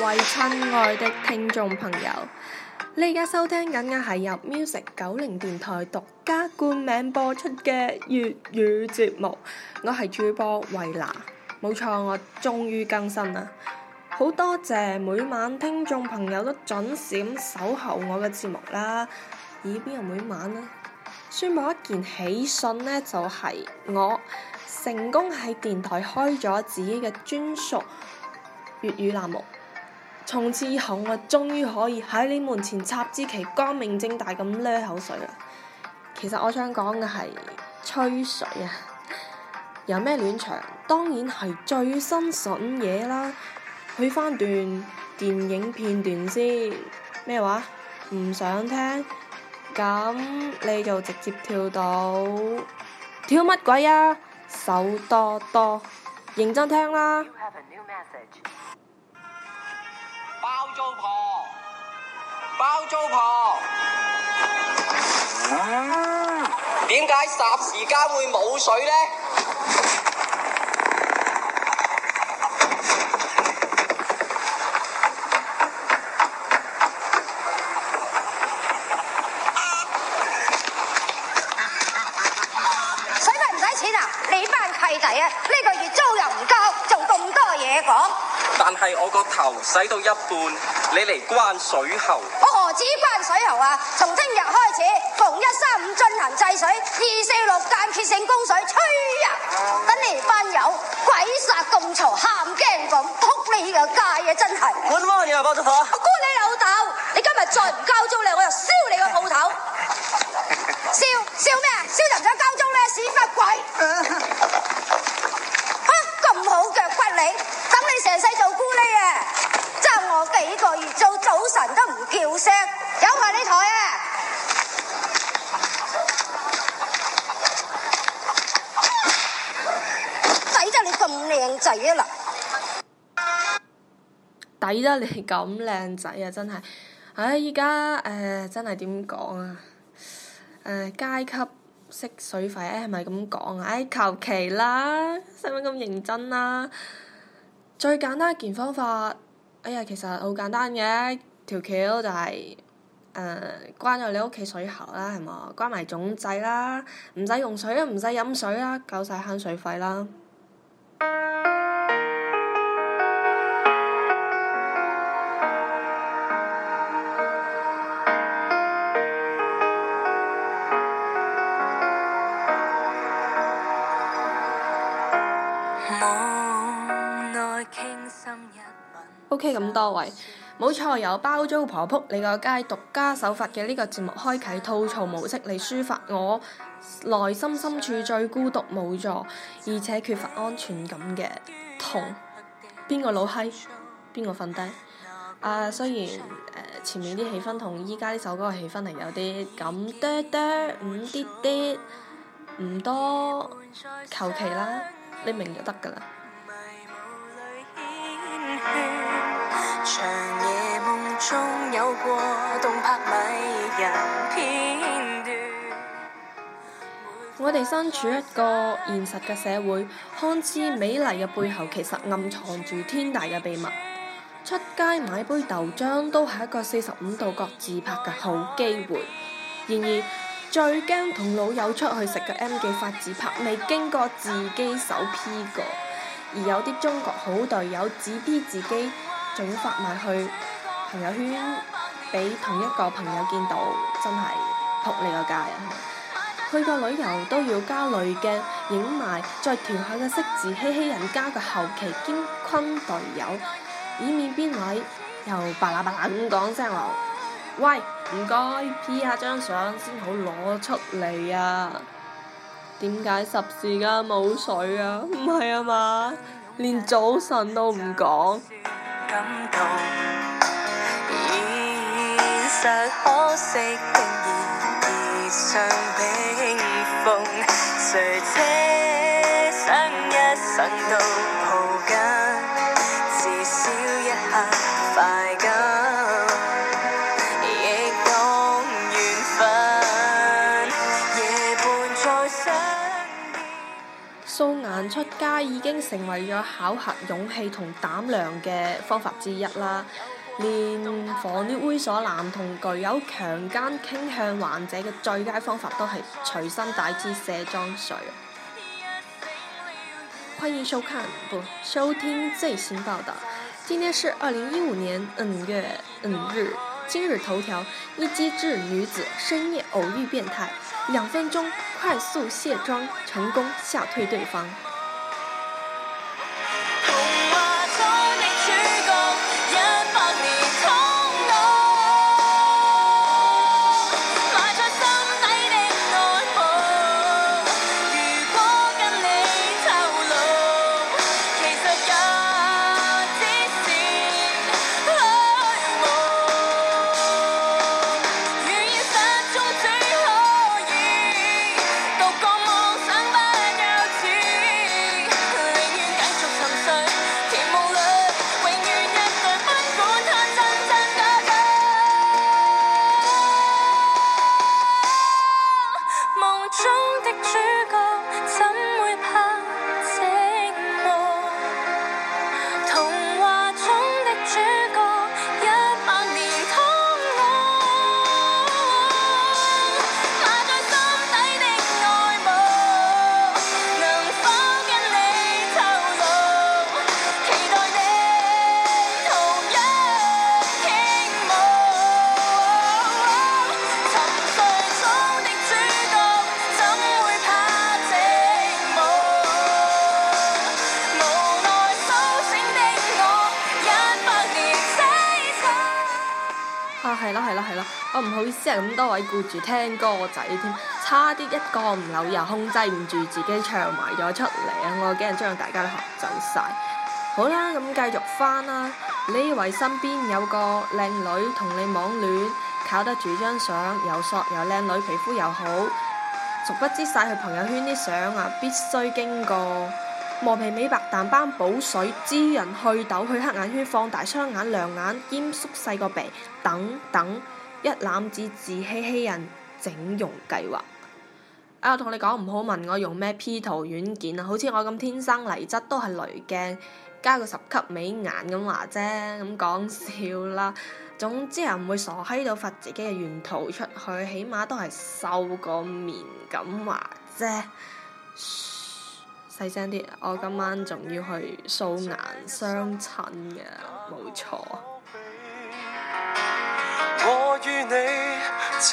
為親愛的聽眾朋友，你而家收聽緊嘅係由 music 九零電台獨家冠名播出嘅粵語節目。我係主播惠娜，冇錯，我終於更新啦！好多謝每晚聽眾朋友都準時咁守候我嘅節目啦。咦？邊有每晚呢？宣佈一件喜訊呢，就係、是、我成功喺電台開咗自己嘅專屬粵語欄目。從此以後、啊，我終於可以喺你門前插支旗，光明正大咁瀨口水啦、啊！其實我想講嘅係吹水啊！有咩暖場？當然係最新筍嘢啦！去翻段電影片段先咩話？唔想聽，咁你就直接跳到跳乜鬼啊？手多多，認真聽啦！包租婆，包租婆，嗯，點解霎時間會冇水咧？個頭洗到一半，你嚟關水喉。我何止關水喉啊！從聽日開始，逢一。抵啦！抵得你咁靚仔啊，真係！唉、哎，依家唉，真係點講啊？唉、呃，階級式水費唉，係咪咁講啊？誒，求其啦，使乜咁認真啦、啊？最簡單一件方法，哎呀，其實好簡單嘅條橋就係、是、唉、呃，關咗你屋企水喉啦，係嘛？關埋總掣啦，唔使用水啦，唔使飲水啦，夠晒慳水費啦！O.K. 咁多位，冇錯，由包租婆撲你個街，獨家手法嘅呢個節目，開啟吐槽模式嚟抒發我內心深處最孤獨無助，而且缺乏安全感嘅痛。邊個老閪？邊個瞓低？啊，雖然誒前面啲氣氛同依家呢首歌嘅氣氛係有啲咁嗲嗲、咁啲啲，唔多，求其啦。你明就得㗎啦。嗯、長夜夢中有過動魄迷人片段。我哋身處一個現實嘅社會，看似美麗嘅背後其實暗藏住天大嘅秘密。出街買杯豆漿都係一個四十五度角自拍嘅好機會，然而。最驚同老友出去食個 M 記發自拍未經過自己手 P 過，而有啲中國好隊友自 P 自己仲要發埋去朋友圈俾同一個朋友見到，真係仆你個家人。去個旅遊都要加濾鏡影埋再調下個色，自欺欺人加個後期兼坑隊友，以免邊位又吧啦吧啦咁講聲話。喂，唔該，P 下張相先好攞出嚟啊！點解霎時間冇水啊？唔係啊嘛，連早晨都唔講。嗯，感動家已經成為咗考核勇氣同膽量嘅方法之一啦。連防啲猥瑣男同具有強姦傾向患者嘅最佳方法都係隨身帶支卸妝水。歡迎收看，不收聽最新報道。今天是二零一五年五月五日。今日頭條：一機智女子深夜偶遇變態，兩分鐘快速卸妝成功嚇退對方。多位顧住聽歌仔添，差啲一個唔留神，又控制唔住自己唱埋咗出嚟，我我驚將大家都嚇走晒。好啦，咁繼續翻啦。呢位身邊有個靚女同你網戀，靠得住張相，又索又靚女，皮膚又好。熟不知晒佢朋友圈啲相啊，必須經過磨皮美白、淡斑、補水、滋潤、祛痘、去黑眼圈、放大雙眼、亮眼兼縮細個鼻等等。一攬子自欺欺人整容計劃啊！我同你講唔好問我用咩 P 圖軟件啊！好似我咁天生麗質都係濾鏡加個十級美顏咁話啫，咁、嗯、講笑啦。總之又唔會傻閪到發自己嘅原圖出去，起碼都係瘦個面咁話啫。細聲啲，我今晚仲要去素顏相親嘅，冇錯。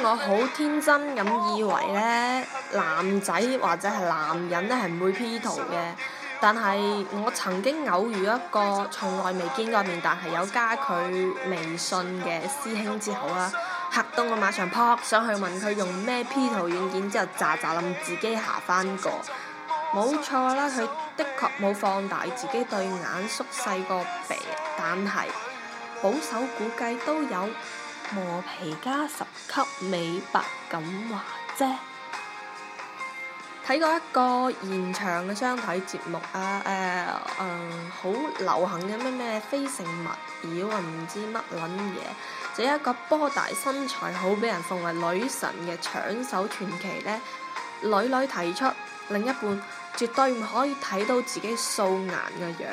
我好天真咁以為呢，男仔或者係男人呢係唔會 P 圖嘅。但係我曾經偶遇一個從來未見過面，但係有加佢微信嘅師兄之後啦，嚇到我馬上撲上去問佢用咩 P 圖軟件，之後咋咋諗自己下翻個。冇錯啦，佢的確冇放大自己對眼縮細個鼻，但係保守估計都有。磨皮加十級美白，咁話啫？睇過一個現場嘅相睇節目啊，誒、啊，嗯、啊，好流行嘅咩咩非誠勿擾啊，唔知乜撚嘢，就是、一個波大身材好，俾人奉為女神嘅搶手傳奇呢，女女提出另一半絕對唔可以睇到自己素顏嘅樣。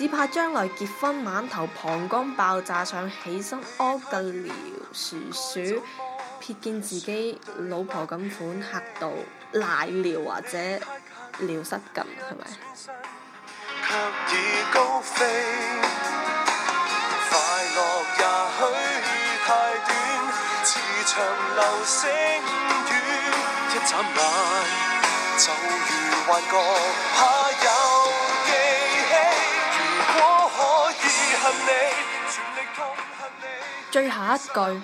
只怕將來結婚，晚頭膀胱爆炸，想起身屙緊尿，噓噓，瞥見自己老婆咁款嚇到瀨尿或者尿失禁，係咪？卻已高飛快樂也許太短，似場流星雨一眨眼就如幻覺。最後一句，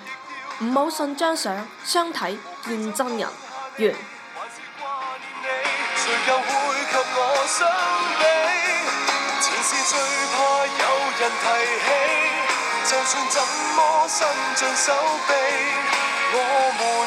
唔好信張相，相睇見真人。完。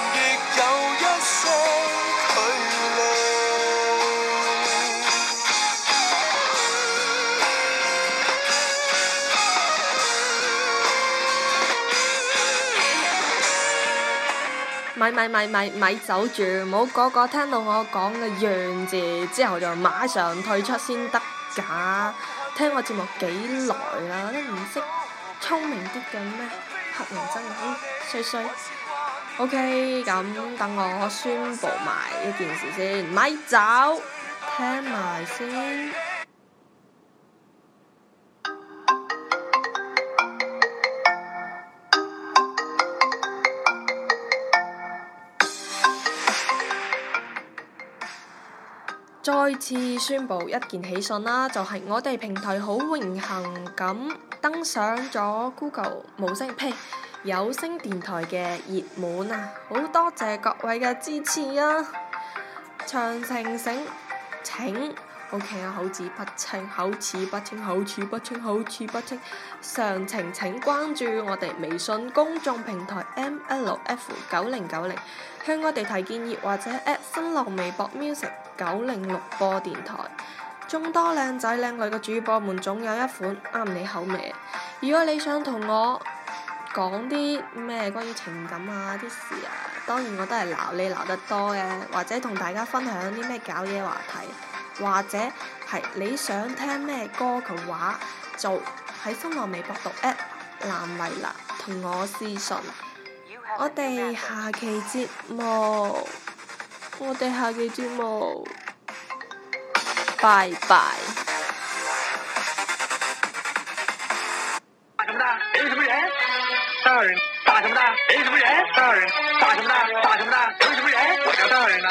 咪咪咪咪咪走住，唔好個個聽到我講嘅樣字之後就馬上退出先得㗎！聽我節目幾耐啦，都唔識聰明啲嘅咩黑人憎嘅衰衰。OK，咁等我宣佈埋呢件事先，咪走，聽埋先。再次宣布一件喜訊啦，啊，就係、是、我哋平台好榮幸咁登上咗 Google 無聲呸有聲電台嘅熱門啊！好多謝各位嘅支持啊！長情醒請。O K 啊，okay, 口齒不清，口齒不清，口齒不清，口齒不清。常情請關注我哋微信公眾平台 M L F 九零九零，向我哋提建議或者 at 新浪微博 music 九零六播電台。眾多靚仔靚女嘅主播們，總有一款啱你口味。如果你想同我講啲咩關於情感啊啲事啊，當然我都係鬧你鬧得多嘅，或者同大家分享啲咩搞嘢話題。或者係你想聽咩歌嘅話，就喺新浪微博度 at 藍惠娜同我私信。haven 我哋下期節目，我哋下期節目，節目拜拜。打什麼的？誰什麼人？大人。打什麼的？誰什麼人？大 人。打什麼的？打什麼的？誰什麼人？我叫大人啦。